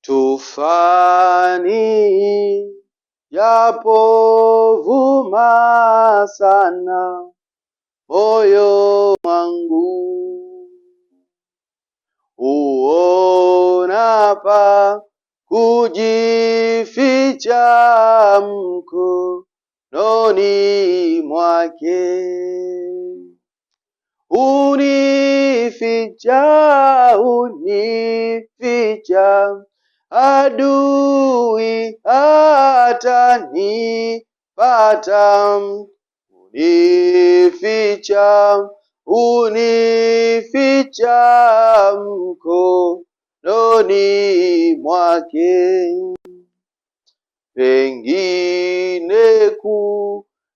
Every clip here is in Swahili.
Tufani yapovuma sana moyo wangu, uonapa kujificha mkononi mwake Unificha, unificha, adui hatanipata. Unificha, unificha, mkononi mwake, pengine ku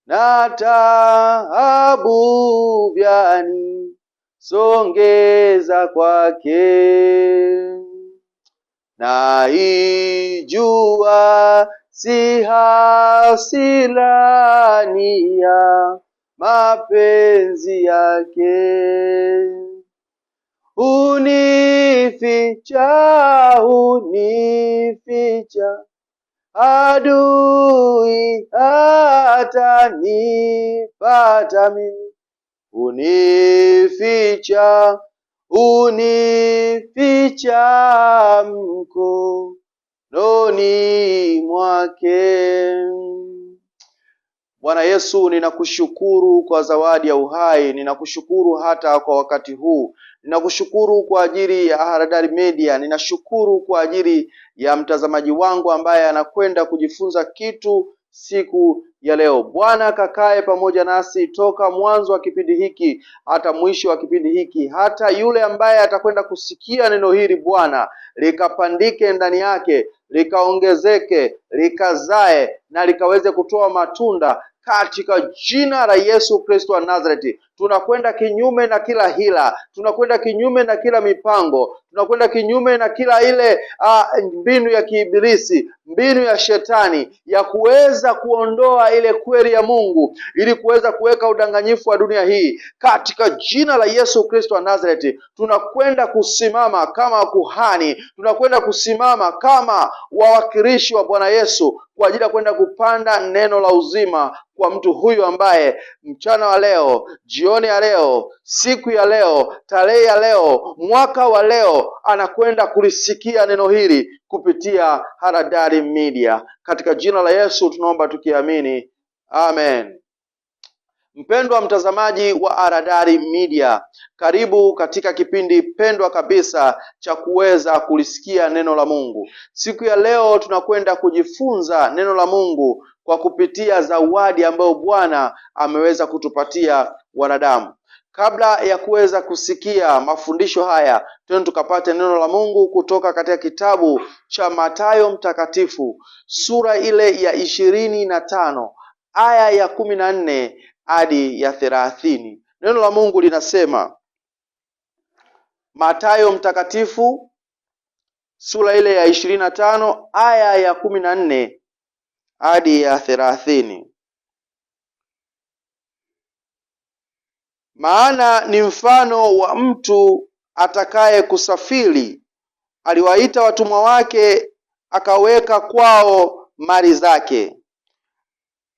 na taabu vyani songeza kwake, na ijua si hasilania mapenzi yake, unificha unificha adui atanipata mimi, unificha unificha mkononi mwake. Bwana Yesu, ninakushukuru kwa zawadi ya uhai, ninakushukuru hata kwa wakati huu, ninakushukuru kwa ajili ya Haradali Media, ninashukuru kwa ajili ya mtazamaji wangu ambaye anakwenda kujifunza kitu siku ya leo. Bwana kakae pamoja nasi toka mwanzo wa kipindi hiki hata mwisho wa kipindi hiki, hata yule ambaye atakwenda kusikia neno hili Bwana likapandike ndani yake, likaongezeke, likazae na likaweze kutoa matunda katika jina la Yesu Kristo wa Nazareti tunakwenda kinyume na kila hila, tunakwenda kinyume na kila mipango, tunakwenda kinyume na kila ile mbinu ya kiibilisi, mbinu ya shetani ya kuweza kuondoa ile kweli ya Mungu ili kuweza kuweka udanganyifu wa dunia hii. Katika jina la Yesu Kristo wa Nazareti, tunakwenda kusimama kama kuhani, tunakwenda kusimama kama wawakilishi wa Bwana Yesu kwa ajili ya kwenda kupanda neno la uzima kwa mtu huyu ambaye mchana wa leo jioni ya leo, siku ya leo, tarehe ya leo, mwaka wa leo, anakwenda kulisikia neno hili kupitia Haradali Media. Katika jina la Yesu tunaomba tukiamini, amen. Mpendwa mtazamaji wa Haradali Media, karibu katika kipindi pendwa kabisa cha kuweza kulisikia neno la Mungu. Siku ya leo tunakwenda kujifunza neno la Mungu kwa kupitia zawadi ambayo Bwana ameweza kutupatia wanadamu. Kabla ya kuweza kusikia mafundisho haya, twende tukapate neno la Mungu kutoka katika kitabu cha Mathayo Mtakatifu sura ile ya ishirini na tano aya ya kumi na nne hadi ya thelathini. Neno la Mungu linasema, Mathayo Mtakatifu sura ile ya ishirini na tano aya ya kumi na nne hadi ya thelathini. Maana ni mfano wa mtu atakaye kusafiri, aliwaita watumwa wake, akaweka kwao mali zake.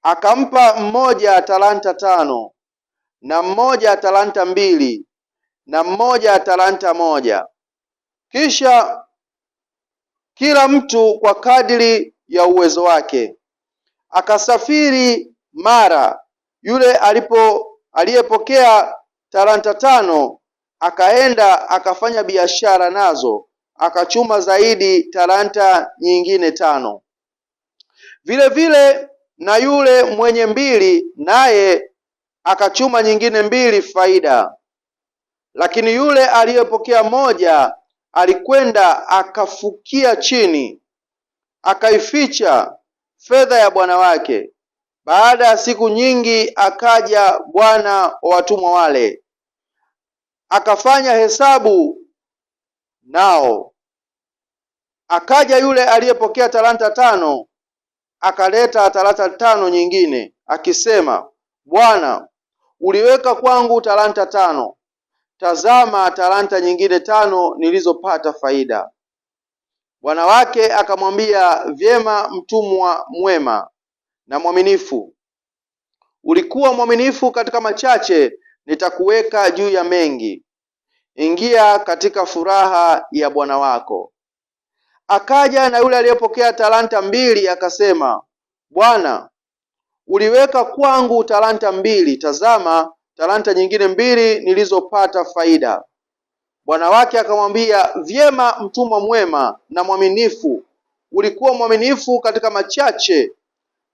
Akampa mmoja talanta tano na mmoja talanta mbili na mmoja talanta moja, kisha kila mtu kwa kadiri ya uwezo wake akasafiri Mara. Yule alipo aliyepokea talanta tano akaenda akafanya biashara nazo akachuma zaidi talanta nyingine tano. Vile vile na yule mwenye mbili naye akachuma nyingine mbili faida. Lakini yule aliyepokea moja alikwenda akafukia chini akaificha fedha ya bwana wake. Baada ya siku nyingi akaja bwana wa watumwa wale, akafanya hesabu nao. Akaja yule aliyepokea talanta tano, akaleta talanta tano nyingine, akisema, Bwana, uliweka kwangu talanta tano, tazama talanta nyingine tano nilizopata faida. Wanawake akamwambia, vyema mtumwa mwema na mwaminifu, ulikuwa mwaminifu katika machache, nitakuweka juu ya mengi, ingia katika furaha ya bwana wako. Akaja na yule aliyepokea talanta mbili akasema, bwana, uliweka kwangu talanta mbili, tazama, talanta nyingine mbili nilizopata faida Bwana wake akamwambia, vyema, mtumwa mwema na mwaminifu, ulikuwa mwaminifu katika machache,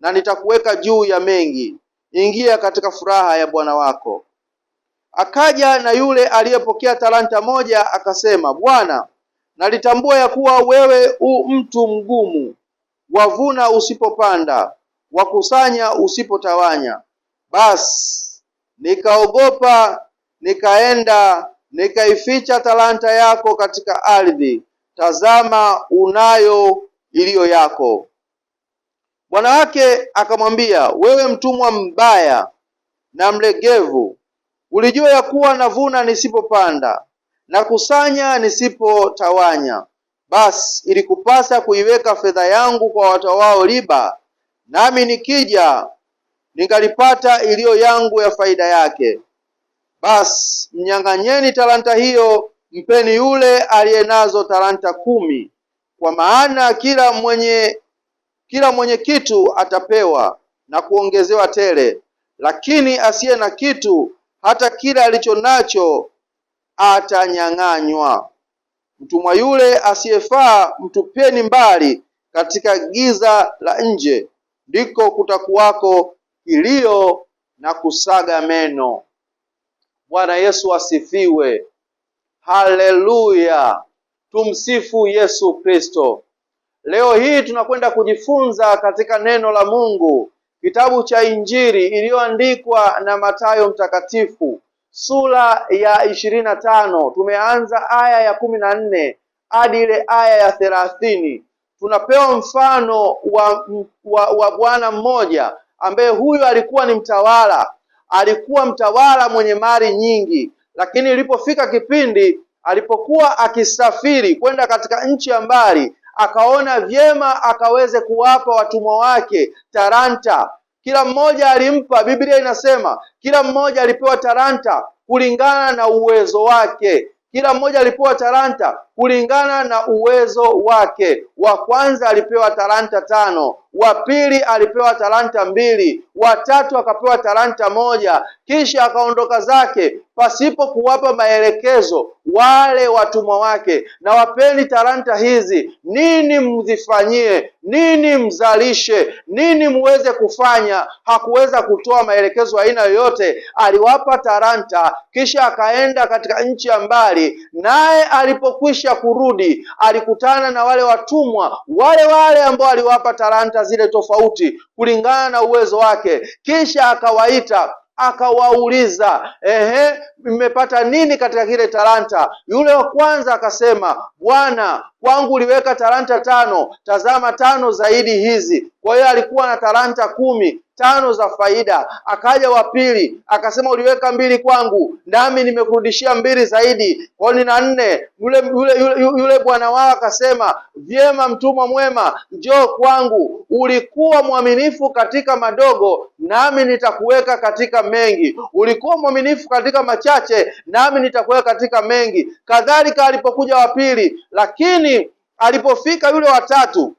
na nitakuweka juu ya mengi, ingia katika furaha ya bwana wako. Akaja na yule aliyepokea talanta moja, akasema, Bwana, nalitambua ya kuwa wewe u mtu mgumu, wavuna usipopanda, wakusanya usipotawanya. Basi nikaogopa, nikaenda nikaificha talanta yako katika ardhi, tazama unayo iliyo yako. Bwana wake akamwambia, wewe mtumwa mbaya na mlegevu, ulijua ya kuwa navuna nisipopanda na kusanya nisipotawanya, basi ilikupasa kuiweka fedha yangu kwa watawao riba, nami nikija ningalipata iliyo yangu ya faida yake basi mnyang'anyeni talanta hiyo, mpeni yule aliyenazo talanta kumi, kwa maana kila mwenye kila mwenye kitu atapewa na kuongezewa tele, lakini asiye na kitu, hata kila alicho nacho atanyang'anywa. Mtumwa yule asiyefaa mtupeni mbali katika giza la nje, ndiko kutakuwako kilio na kusaga meno. Bwana Yesu asifiwe, haleluya, tumsifu Yesu Kristo. Leo hii tunakwenda kujifunza katika neno la Mungu, kitabu cha Injili iliyoandikwa na Mathayo Mtakatifu sura ya ishirini na tano. Tumeanza aya ya kumi na nne hadi ile aya ya thelathini. Tunapewa mfano wa, wa, wa bwana mmoja ambaye huyo alikuwa ni mtawala alikuwa mtawala mwenye mali nyingi, lakini ilipofika kipindi alipokuwa akisafiri kwenda katika nchi ya mbali, akaona vyema akaweze kuwapa watumwa wake talanta. Kila mmoja alimpa, Biblia inasema kila mmoja alipewa talanta kulingana na uwezo wake. Kila mmoja alipewa talanta kulingana na uwezo wake. Wa kwanza alipewa talanta tano, wa pili alipewa talanta mbili, wa tatu akapewa talanta moja, kisha akaondoka zake pasipo kuwapa maelekezo wale watumwa wake. Na wapeni talanta hizi, nini mzifanyie, nini mzalishe, nini muweze kufanya. Hakuweza kutoa maelekezo aina yoyote, aliwapa talanta, kisha akaenda katika nchi ya mbali, naye alipokwisha kisha kurudi alikutana na wale watumwa wale wale ambao aliwapa talanta zile tofauti kulingana na uwezo wake, kisha akawaita akawauliza ehe, mmepata nini katika kile talanta? Yule wa kwanza akasema, Bwana, kwangu uliweka talanta tano, tazama tano zaidi hizi. Kwa hiyo alikuwa na talanta kumi tano za faida. Akaja wa pili akasema, uliweka mbili kwangu, nami nimekurudishia mbili zaidi, kwa hiyo nina nne. Yule yule yule bwana wao akasema, vyema, mtumwa mwema, njoo kwangu, ulikuwa mwaminifu katika madogo, nami nitakuweka katika mengi. Ulikuwa mwaminifu katika machache, nami nitakuweka katika mengi. Kadhalika alipokuja wa pili, lakini alipofika yule watatu,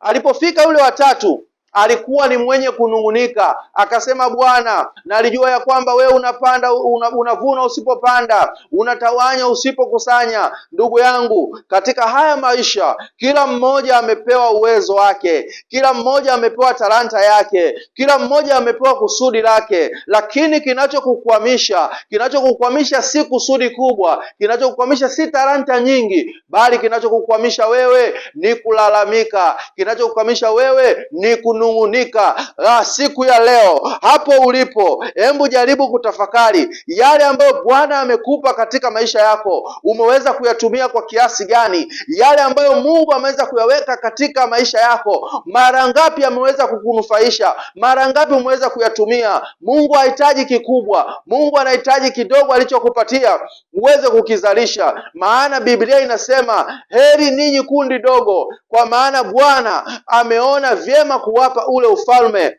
alipofika yule watatu alikuwa ni mwenye kunungunika, akasema Bwana, nalijua ya kwamba wewe unapanda una, unavuna usipopanda, unatawanya usipokusanya. Ndugu yangu, katika haya maisha kila mmoja amepewa uwezo wake, kila mmoja amepewa talanta yake, kila mmoja amepewa kusudi lake, lakini kinachokukwamisha kinachokukwamisha si kusudi kubwa, kinachokukwamisha si talanta nyingi, bali kinachokukwamisha wewe ni kulalamika, kinachokukwamisha wewe ni kunu kunung'unika ah, siku ya leo hapo ulipo, hebu jaribu kutafakari yale ambayo Bwana amekupa katika maisha yako, umeweza kuyatumia kwa kiasi gani? Yale ambayo Mungu ameweza kuyaweka katika maisha yako, mara ngapi ameweza kukunufaisha? Mara ngapi umeweza kuyatumia? Mungu hahitaji kikubwa, Mungu anahitaji kidogo alichokupatia uweze kukizalisha, maana Biblia inasema heri ninyi kundi dogo, kwa maana Bwana ameona vyema kuwapa ule ufalme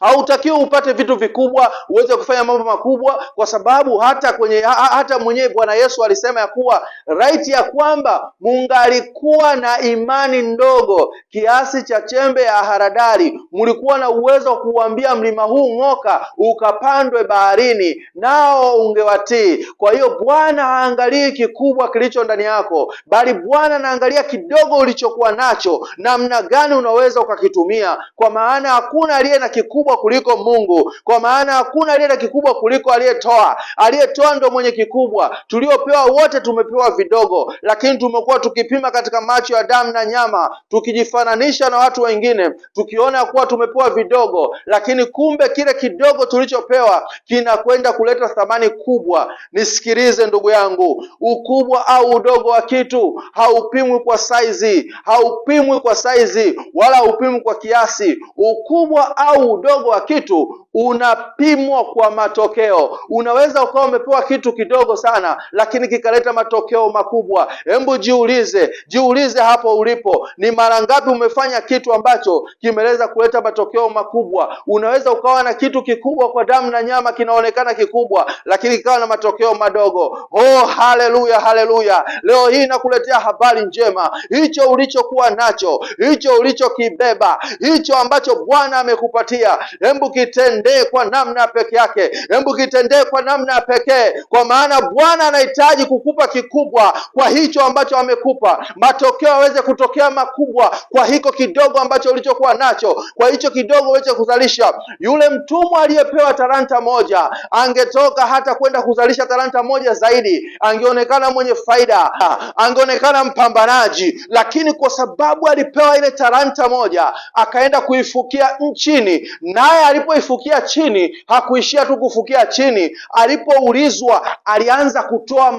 Hautakiwi upate vitu vikubwa uweze kufanya mambo makubwa, kwa sababu hata kwenye ha, hata mwenyewe Bwana Yesu alisema ya kuwa right ya kwamba mungalikuwa na imani ndogo kiasi cha chembe ya haradali, mlikuwa na uwezo wa kuuambia mlima huu ng'oka, ukapandwe baharini, nao ungewatii. Kwa hiyo Bwana haangalii kikubwa kilicho ndani yako, bali Bwana anaangalia kidogo ulichokuwa nacho, namna gani unaweza ukakitumia, kwa maana hakuna aliye na kikubwa kikubwa kuliko Mungu, kwa maana hakuna aliye na kikubwa kuliko aliyetoa. Aliyetoa ndo mwenye kikubwa. Tuliopewa wote tumepewa vidogo, lakini tumekuwa tukipima katika macho ya damu na nyama, tukijifananisha na watu wengine, tukiona kuwa tumepewa vidogo, lakini kumbe kile kidogo tulichopewa kinakwenda kuleta thamani kubwa. Nisikilize ndugu yangu, ukubwa au udogo wa kitu haupimwi kwa saizi, haupimwi kwa saizi wala haupimwi kwa kiasi. Ukubwa au udogo mdogo wa kitu unapimwa kwa matokeo. Unaweza ukawa umepewa kitu kidogo sana, lakini kikaleta matokeo makubwa. Hebu jiulize, jiulize hapo ulipo, ni mara ngapi umefanya kitu ambacho kimeweza kuleta matokeo makubwa? Unaweza ukawa na kitu kikubwa kwa damu na nyama, kinaonekana kikubwa, lakini kikawa na matokeo madogo. Oh, haleluya, haleluya! Leo hii nakuletea habari njema. Hicho ulichokuwa nacho, hicho ulichokibeba, hicho ambacho Bwana amekupatia Hebu kitendee kwa namna ya peke yake, hebu kitendee kwa namna ya pekee, kwa maana Bwana anahitaji kukupa kikubwa kwa hicho ambacho amekupa, matokeo aweze kutokea makubwa kwa hiko kidogo ambacho ulichokuwa nacho, kwa hicho kidogo uweze kuzalisha. Yule mtumwa aliyepewa talanta moja angetoka hata kwenda kuzalisha talanta moja zaidi, angeonekana mwenye faida, angeonekana mpambanaji, lakini kwa sababu alipewa ile talanta moja akaenda kuifukia nchini Naye alipoifukia chini hakuishia tu kufukia chini, alipoulizwa alianza kutoa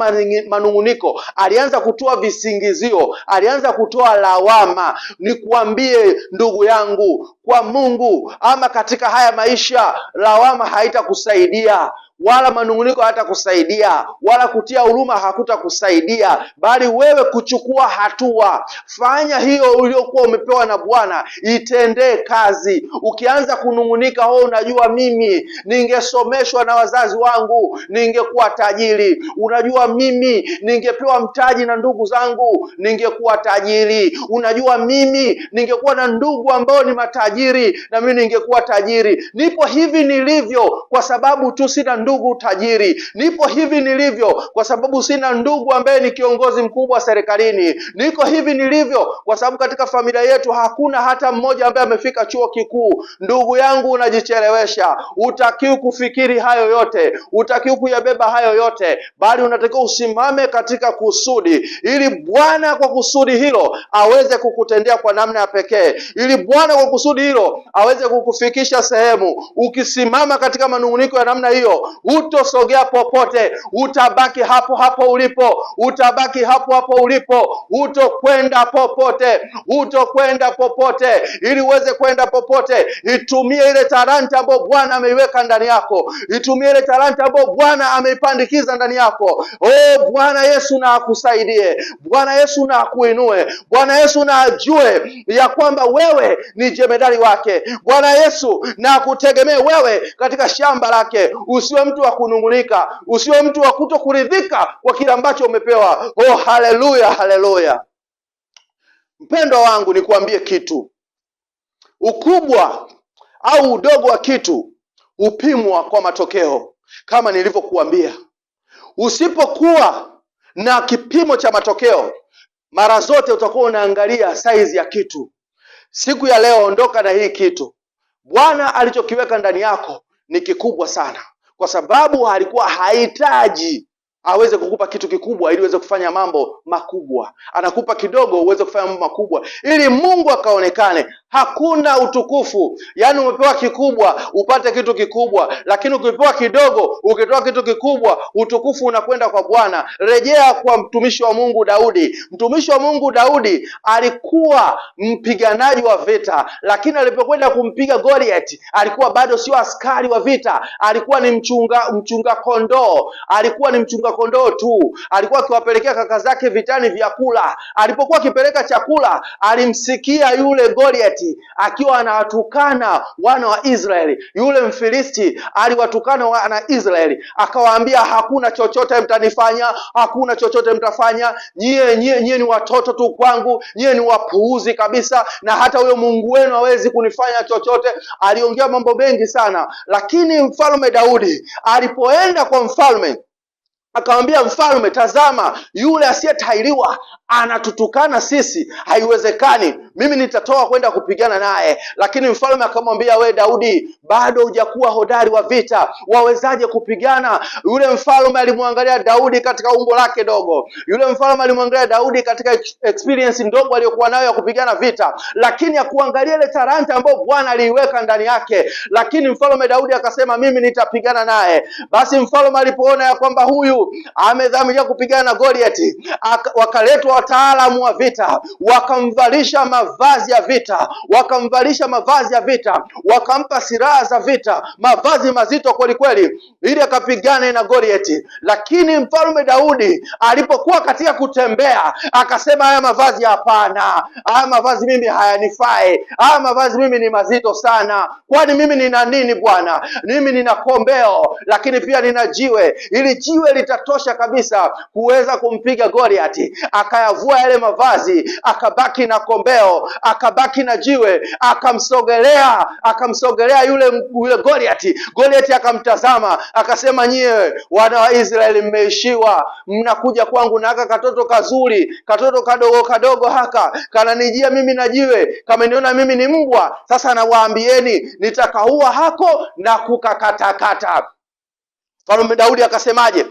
manung'uniko, alianza kutoa visingizio, alianza kutoa lawama. Nikuambie ndugu yangu, kwa Mungu ama katika haya maisha, lawama haitakusaidia wala manunguniko hayatakusaidia wala kutia huruma hakutakusaidia, bali wewe kuchukua hatua. Fanya hiyo uliokuwa umepewa na Bwana, itendee kazi. Ukianza kunungunika, wewe unajua mimi ningesomeshwa na wazazi wangu ningekuwa tajiri, unajua mimi ningepewa mtaji na ndugu zangu ningekuwa tajiri, unajua mimi ningekuwa na ndugu ambao ni matajiri, na mimi ningekuwa tajiri. Nipo hivi nilivyo kwa sababu tu sina ndugu tajiri. Nipo hivi nilivyo kwa sababu sina ndugu ambaye ni kiongozi mkubwa serikalini. Niko hivi nilivyo kwa sababu katika familia yetu hakuna hata mmoja ambaye amefika chuo kikuu. Ndugu yangu, unajichelewesha. Utakiwi kufikiri hayo yote, utakiwi kuyabeba hayo yote, bali unatakiwa usimame katika kusudi, ili Bwana kwa kusudi hilo aweze kukutendea kwa namna ya pekee, ili Bwana kwa kusudi hilo aweze kukufikisha sehemu. Ukisimama katika manunguniko ya namna hiyo, utosogea popote, utabaki hapo hapo ulipo, utabaki hapo hapo ulipo, utokwenda popote, utokwenda popote. Ili uweze kwenda popote, itumie ile talanta ambayo Bwana ameiweka ndani yako, itumie ile talanta ambayo Bwana ameipandikiza ndani yako. Oh, Bwana Yesu na akusaidie, Bwana Yesu na akuinue, Bwana Yesu na ajue ya kwamba wewe ni jemedari wake. Bwana Yesu na akutegemee wewe katika shamba lake, usiwe mtu wa kunungulika, usiwe mtu wa kutokuridhika kuridhika kwa kile ambacho umepewa. Oh, haleluya, haleluya! Mpendwa wangu, nikuambie kitu, ukubwa au udogo wa kitu hupimwa kwa matokeo. Kama nilivyokuambia, usipokuwa na kipimo cha matokeo, mara zote utakuwa unaangalia saizi ya kitu. Siku ya leo, ondoka na hii kitu. Bwana alichokiweka ndani yako ni kikubwa sana kwa sababu alikuwa hahitaji aweze kukupa kitu kikubwa ili uweze kufanya mambo makubwa. Anakupa kidogo uweze kufanya mambo makubwa, ili Mungu akaonekane. Hakuna utukufu. Yaani umepewa kikubwa upate kitu kikubwa, lakini ukipewa kidogo ukitoa kitu kikubwa, utukufu unakwenda kwa Bwana. Rejea kwa mtumishi wa Mungu Daudi. Mtumishi wa Mungu Daudi alikuwa mpiganaji wa vita, lakini alipokwenda kumpiga Goliath alikuwa bado sio askari wa vita, alikuwa ni mchunga mchunga kondoo, alikuwa ni mchunga kondoo tu. Alikuwa akiwapelekea kaka zake vitani vyakula. Alipokuwa akipeleka chakula, alimsikia yule Goliath Goliati akiwa anawatukana wana wa Israeli. Yule Mfilisti aliwatukana wana wa Israeli akawaambia, hakuna chochote mtanifanya, hakuna chochote mtafanya nyie, nyie, nyie ni watoto tu kwangu, nyie ni wapuuzi kabisa, na hata huyo Mungu wenu hawezi kunifanya chochote. Aliongea mambo mengi sana, lakini mfalme Daudi alipoenda kwa mfalme Akamwambia mfalme, tazama, yule asiyetahiriwa anatutukana sisi, haiwezekani. Mimi nitatoa kwenda kupigana naye. Lakini mfalme akamwambia, we Daudi, bado hujakuwa hodari wa vita, wawezaje kupigana? Yule mfalme alimwangalia Daudi katika umbo lake dogo, yule mfalme alimwangalia Daudi katika experience ndogo aliyokuwa nayo ya kupigana vita, lakini akuangalia ile talanta ambayo Bwana aliiweka ndani yake. Lakini mfalme Daudi akasema, mimi nitapigana naye. Basi mfalme alipoona ya kwamba huyu tu amedhamiria kupigana na Goliati. Wakaletwa wataalamu wa vita, wakamvalisha mavazi ya vita, wakamvalisha mavazi ya vita, wakampa silaha za vita, mavazi mazito kwelikweli, ili akapigane na Goliati. Lakini mfalme Daudi alipokuwa katika kutembea, akasema haya mavazi hapana, haya mavazi mimi hayanifai, haya mavazi mimi ni mazito sana, kwani mimi nina nini Bwana? Mimi nina kombeo, lakini pia nina jiwe, ili jiwe itatosha kabisa kuweza kumpiga Goliati. Akayavua yale mavazi, akabaki na kombeo, akabaki na jiwe, akamsogelea akamsogelea yule, yule Goliati. Goliati akamtazama akasema, nyie wana wa Israeli mmeishiwa, mnakuja kwangu na haka katoto kazuri, katoto kadogo kadogo haka kananijia mimi na jiwe, kameniona mimi ni mbwa. Sasa nawaambieni nitakaua hako na kukakatakata. Mfalme Daudi akasemaje?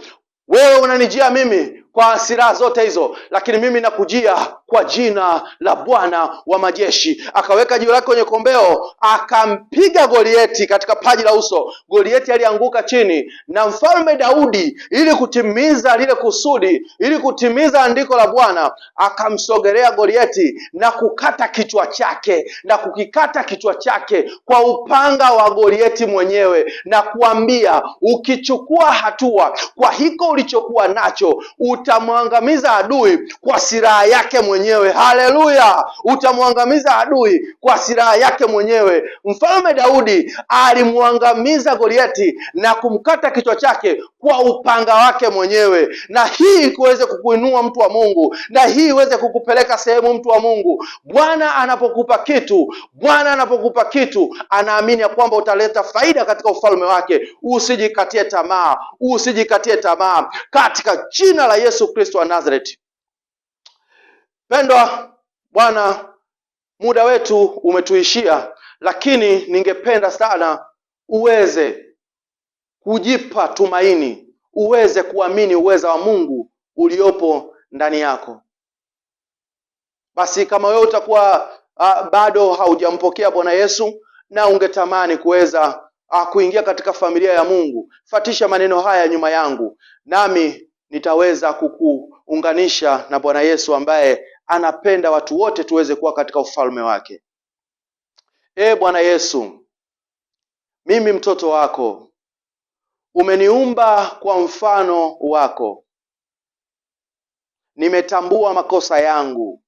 Wewe unanijia mimi kwa silaha zote hizo, lakini mimi nakujia kwa jina la Bwana wa majeshi. Akaweka jiwe lake kwenye kombeo, akampiga Golieti katika paji la uso. Golieti alianguka chini, na mfalme Daudi, ili kutimiza lile kusudi, ili kutimiza andiko la Bwana, akamsogelea Golieti na kukata kichwa chake, na kukikata kichwa chake kwa upanga wa Golieti mwenyewe, na kuambia ukichukua hatua kwa hiko ulichokuwa nacho utamwangamiza adui kwa silaha yake mwenyewe. Haleluya! utamwangamiza adui kwa silaha yake mwenyewe. Mfalme Daudi alimwangamiza Goliati na kumkata kichwa chake kwa upanga wake mwenyewe, na hii kuweze kukuinua mtu wa Mungu, na hii iweze kukupeleka sehemu, mtu wa Mungu. Bwana anapokupa kitu, Bwana anapokupa kitu, anaamini ya kwamba utaleta faida katika ufalme wake. Usijikatie tamaa, usijikatie tamaa katika jina la Yesu. Yesu Kristo wa Nazareti. Pendwa Bwana, muda wetu umetuishia, lakini ningependa sana uweze kujipa tumaini, uweze kuamini uweza wa Mungu uliopo ndani yako. Basi kama wewe utakuwa uh, bado haujampokea Bwana Yesu na ungetamani kuweza uh, kuingia katika familia ya Mungu, fatisha maneno haya nyuma yangu, nami nitaweza kukuunganisha na Bwana Yesu ambaye anapenda watu wote tuweze kuwa katika ufalme wake. e Bwana Yesu, mimi mtoto wako, umeniumba kwa mfano wako. Nimetambua makosa yangu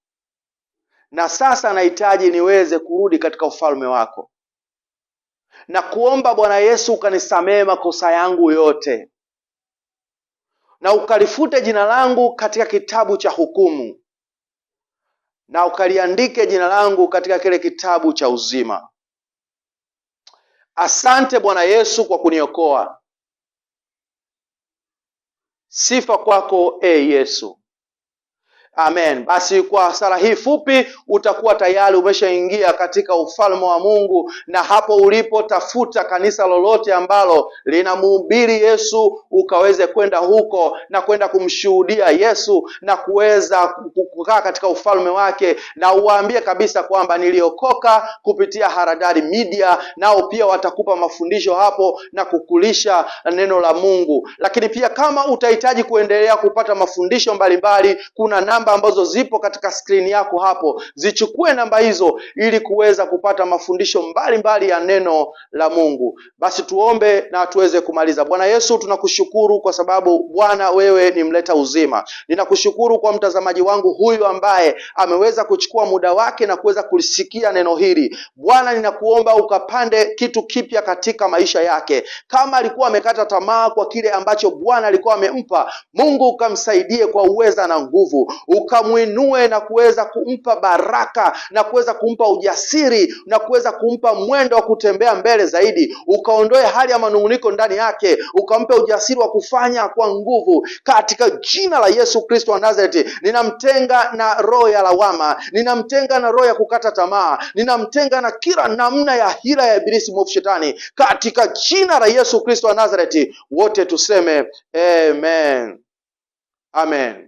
na sasa nahitaji niweze kurudi katika ufalme wako. Na kuomba Bwana Yesu ukanisamehe makosa yangu yote na ukalifute jina langu katika kitabu cha hukumu na ukaliandike jina langu katika kile kitabu cha uzima. Asante Bwana Yesu kwa kuniokoa. Sifa kwako e Yesu. Amen. Basi kwa sala hii fupi utakuwa tayari umeshaingia katika ufalme wa Mungu, na hapo ulipotafuta kanisa lolote ambalo linamhubiri Yesu, ukaweze kwenda huko na kwenda kumshuhudia Yesu na kuweza kukaa katika ufalme wake, na uwaambie kabisa kwamba niliokoka kupitia Haradali Media, nao pia watakupa mafundisho hapo na kukulisha neno la Mungu. Lakini pia kama utahitaji kuendelea kupata mafundisho mbalimbali, kuna namba namba ambazo zipo katika skrini yako hapo, zichukue namba hizo ili kuweza kupata mafundisho mbalimbali mbali ya neno la Mungu. Basi tuombe na tuweze kumaliza. Bwana Yesu, tunakushukuru kwa sababu Bwana wewe ni mleta uzima. Ninakushukuru kwa mtazamaji wangu huyu ambaye ameweza kuchukua muda wake na kuweza kulisikia neno hili. Bwana, ninakuomba ukapande kitu kipya katika maisha yake. Kama alikuwa amekata tamaa kwa kile ambacho Bwana alikuwa amempa, Mungu ukamsaidie kwa uweza na nguvu ukamwinue na kuweza kumpa baraka na kuweza kumpa ujasiri na kuweza kumpa mwendo wa kutembea mbele zaidi, ukaondoe hali ya manunguniko ndani yake, ukampe ujasiri wa kufanya kwa nguvu. Katika jina la Yesu Kristo wa Nazareti, ninamtenga na roho ya lawama, ninamtenga na roho ya kukata tamaa, ninamtenga na kila namna ya hila ya ibilisi mwovu shetani, katika jina la Yesu Kristo wa Nazareti. Wote tuseme amen, amen.